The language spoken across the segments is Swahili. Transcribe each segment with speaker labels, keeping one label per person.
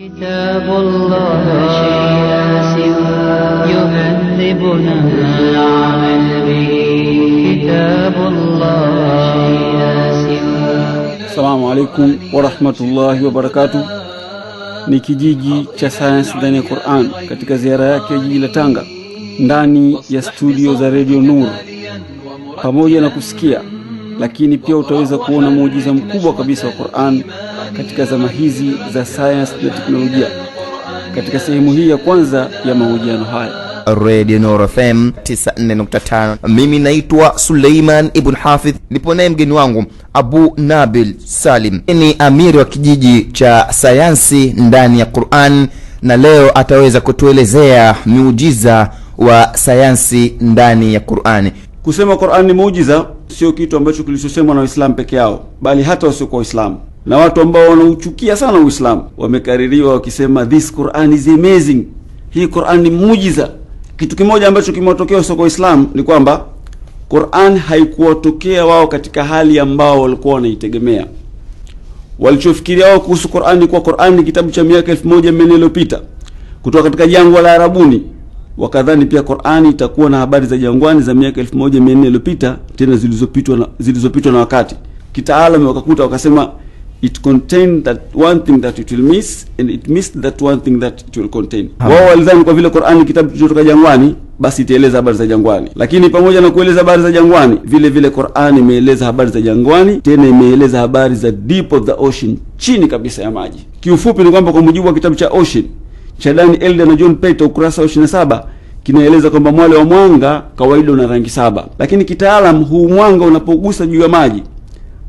Speaker 1: كتاب الله لا شيء يهذبنا به كتاب الله Assalamu alaikum warahmatullahi wabarakatu Ni kijiji cha sayansi ndani ya Qur'an katika ziara yake jiji la Tanga ndani ya studio za Radio Nur, pamoja na kusikia lakini pia utaweza kuona muujiza mkubwa kabisa wa Qur'an katika zama hizi za sayansi na teknolojia katika sehemu hii ya kwanza ya mahojiano haya.
Speaker 2: Radio Nuru FM 94.5. Mimi naitwa Suleiman Ibn Hafidh, nipo naye mgeni wangu Abu Nabil Salim, ni amiri wa kijiji cha sayansi ndani ya Qur'an, na leo ataweza kutuelezea miujiza wa sayansi ndani ya Qur'ani.
Speaker 3: Kusema Qur'an ni muujiza sio kitu ambacho kilichosemwa na Waislamu peke yao, bali hata wasiokuwa Waislamu na watu ambao wanauchukia sana Uislamu wamekaririwa wakisema this Quran is amazing, hii Quran ni muujiza. Kitu kimoja ambacho kimewatokea wasiokuwa Waislamu ni kwamba Quran haikuwatokea wao katika hali ambao walikuwa wanaitegemea. Walichofikiria wao kuhusu Quran ni kuwa Quran ni kitabu cha miaka elfu moja iliyopita kutoka katika jangwa la Arabuni wakadhani pia Qur'ani itakuwa na habari za jangwani za miaka 1400 iliyopita, tena zilizopitwa na, zilizopitwa na wakati. Kitaalamu wakakuta wakasema it contain that one thing that it will miss and it missed that one thing that it will contain. Wao walidhani kwa vile Qur'ani kitabu kutoka jangwani basi itaeleza habari za jangwani, lakini pamoja na kueleza habari za jangwani, vile vile Qur'ani imeeleza habari za jangwani, tena imeeleza habari za deep of the ocean, chini kabisa ya maji. Kiufupi ni kwamba kwa mujibu wa kitabu cha Ocean cha Dani Elda na John Pate ukurasa wa 27 kinaeleza kwamba mwale wa mwanga kawaida una rangi saba, lakini kitaalam huu mwanga unapogusa juu ya maji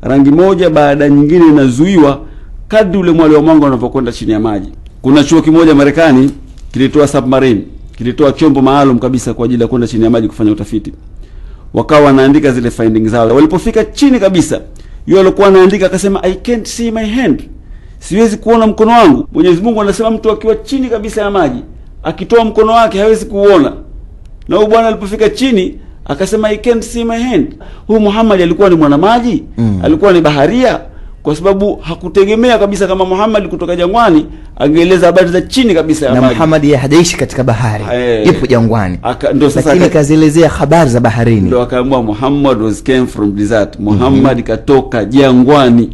Speaker 3: rangi moja baada nyingine inazuiwa kadri ule mwale wa mwanga unavyokwenda chini ya maji. Kuna chuo kimoja Marekani kilitoa submarine, kilitoa chombo maalum kabisa kwa ajili ya kwenda chini ya maji kufanya utafiti. Wakawa wanaandika zile findings zao, walipofika chini kabisa, yule alikuwa anaandika akasema, I can't see my hand siwezi kuona mkono wangu. Mwenyezi Mungu anasema mtu akiwa chini kabisa ya maji akitoa mkono wake hawezi kuona. na huyu bwana alipofika chini akasema I can't see my hand. Huyu Muhammad alikuwa ni mwana maji mm. alikuwa ni baharia, kwa sababu hakutegemea kabisa kama Muhammad kutoka jangwani angeeleza habari za chini kabisa ya maji. Na
Speaker 2: Muhammad yeye hajaishi katika bahari, ipo eh. jangwani, ndio sasa lakini kazielezea habari za baharini, ndio
Speaker 3: akaambiwa Muhammad was came from desert. Muhammad mm -hmm. katoka jangwani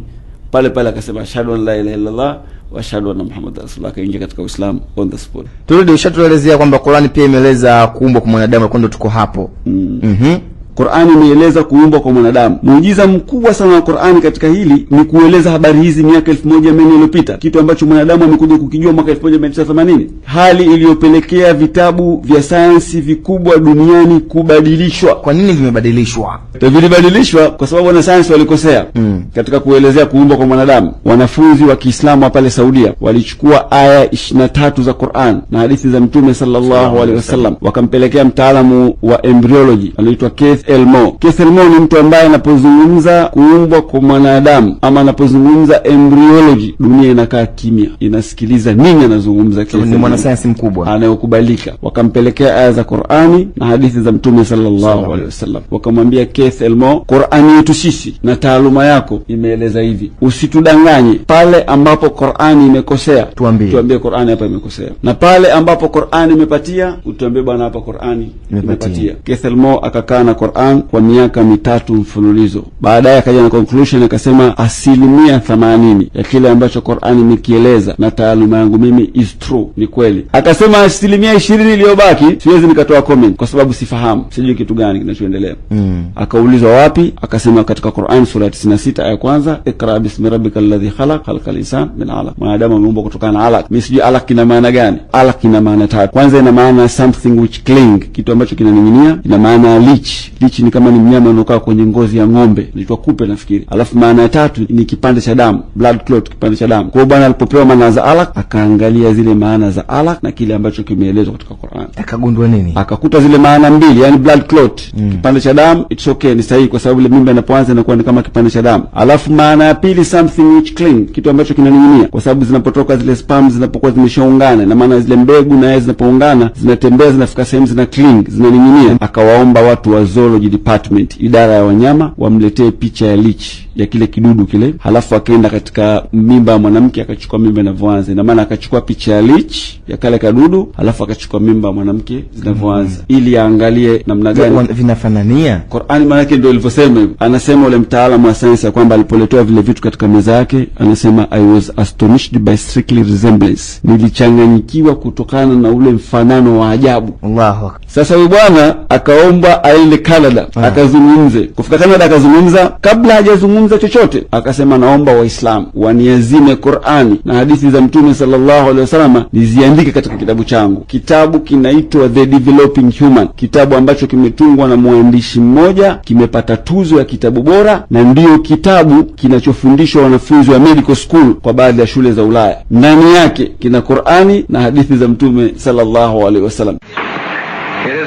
Speaker 3: pale pale akasema ashhadu an la ilaha illallah wa ashhadu anna muhammad rasulullah, akaingia katika Uislamu on the spot.
Speaker 2: Turudi, ushatuelezea kwamba Qur'ani pia imeeleza kuumbwa kwa mwanadamu, kwa ndio tuko hapo. mm. mm
Speaker 3: -hmm. Qur'ani imeeleza kuumbwa kwa mwanadamu. Muujiza mkubwa sana wa Qur'ani katika hili ni kueleza habari hizi miaka 1400 iliyopita, kitu ambacho mwanadamu amekuja kukijua mwaka 1980, hali iliyopelekea vitabu vya sayansi vikubwa duniani kubadilishwa.
Speaker 2: Kwa nini vimebadilishwa?
Speaker 3: Vilibadilishwa kwa sababu wanasayansi walikosea mm. katika kuelezea kuumbwa kwa mwanadamu. Wanafunzi wa Kiislamu wa pale Saudia walichukua aya 23 za Qur'an na hadithi za Mtume sallallahu alaihi wasallam wakampelekea mtaalamu wa embryology anaitwa Keith Elmo. Keith Elmo ni mtu ambaye anapozungumza kuumbwa kwa mwanadamu ama anapozungumza embryology, dunia inakaa kimya, inasikiliza nini anazungumza. Keith ni
Speaker 2: mwanasayansi mkubwa
Speaker 3: anayokubalika. Wakampelekea aya za Qur'ani na hadithi za Mtume sallallahu alaihi wasallam, wakamwambia Keith Elmo, Qur'ani yetu sisi na taaluma yako imeeleza hivi, usitudanganye pale ambapo Qur'ani imekosea, tuambie, tuambie Qur'ani hapa imekosea, na pale ambapo Qur'ani imepatia utuambie, bwana, hapa Qur'ani imepatia. Keith Elmo akakaa na Qur'ani Qur'an kwa miaka mitatu mfululizo. Baadaye akaja na conclusion akasema, asilimia themanini ya kile ambacho Qur'an imekieleza na taaluma yangu mimi is true, ni kweli. Akasema asilimia ishirini iliyobaki siwezi nikatoa comment kwa sababu sifahamu, sijui kitu gani kinachoendelea. Mm. Akaulizwa wapi? Akasema katika Qur'an sura ya 96 aya kwanza, ikra bismi rabbikal ladhi khalaq khalaqal insan min alaq, mwanadamu ameumbwa kutokana na alaq. Mimi sijui alaq ina maana gani? Alaq ina maana tatu. Kwanza ina maana something which cling, kitu ambacho kinaning'inia. Ina maana leech Lichi ni kama ni mnyama unaokaa kwenye ngozi ya ng'ombe, inaitwa kupe nafikiri. Alafu maana ya tatu ni kipande cha damu, blood clot, kipande cha damu. Kwa hiyo bwana alipopewa maana za alaq, akaangalia zile maana za alaq na kile ambacho kimeelezwa katika Qur'an,
Speaker 2: akagundua nini?
Speaker 3: Akakuta zile maana mbili, yani blood clot, mm. kipande cha damu, it's okay, ni sahihi, kwa sababu ile mimba inapoanza inakuwa ni kama kipande cha damu. Alafu maana ya pili, something which cling, kitu ambacho kinaning'inia, kwa sababu zinapotoka zile sperm zinapokuwa zimeshaungana, na maana zile mbegu na yeye zinapoungana zinatembea, zinafika sehemu zina cling, zinaning'inia. Akawaomba watu wazori Zoology Department, idara ya wanyama, wamletee picha ya lichi ya kile kidudu kile, halafu akaenda katika mimba ya mwanamke akachukua mimba inavyoanza. Ina maana akachukua picha ya lichi ya kale kadudu, halafu akachukua mimba ya mwanamke zinavyoanza mm, ili aangalie namna gani
Speaker 2: vinafanania.
Speaker 3: Qur'ani Maana yake ndio ilivyosema hivyo. Anasema ule mtaalamu wa sayansi ya kwamba alipoletewa vile vitu katika meza yake, anasema I was astonished by strictly resemblance, nilichanganyikiwa kutokana na ule mfanano wa ajabu. Allahu Sasa huyu bwana akaomba aende Canada ah. akazungumze. Kufika Canada akazungumza, kabla hajazungumza chochote akasema, naomba Waislamu waniazime Qur'ani na hadithi za Mtume sallallahu alaihi wasallam niziandike katika kitabu changu. Kitabu kinaitwa The Developing Human, kitabu ambacho kimetungwa na mwandishi mmoja, kimepata tuzo ya kitabu bora, na ndiyo kitabu kinachofundishwa wanafunzi wa medical school kwa baadhi ya shule za Ulaya. Ndani yake kina Qur'ani na hadithi za Mtume sallallahu alaihi wasallam.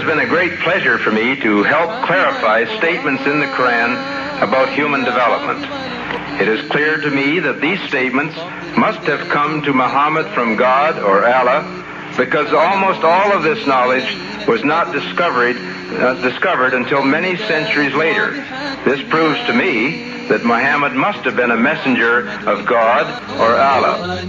Speaker 4: has been a great pleasure for me to help clarify statements in the Quran about human development. It is clear to me that these statements must have come to Muhammad from God or Allah because almost all of this knowledge was not discovered uh, discovered until many centuries later. This proves to me that Muhammad must have been a messenger of God or Allah.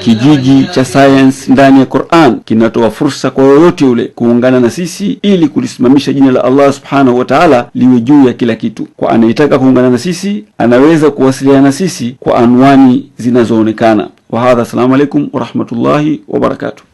Speaker 1: Kijiji cha Science ndani ya Qur'an kinatoa fursa kwa yoyote yule kuungana na sisi ili kulisimamisha jina la Allah Subhanahu wa Ta'ala liwe juu ya kila kitu. Kwa anayetaka kuungana na sisi, anaweza kuwasiliana na sisi kwa anwani zinazoonekana. Wa hadha, assalamu alaikum wa rahmatullahi wa barakatuh.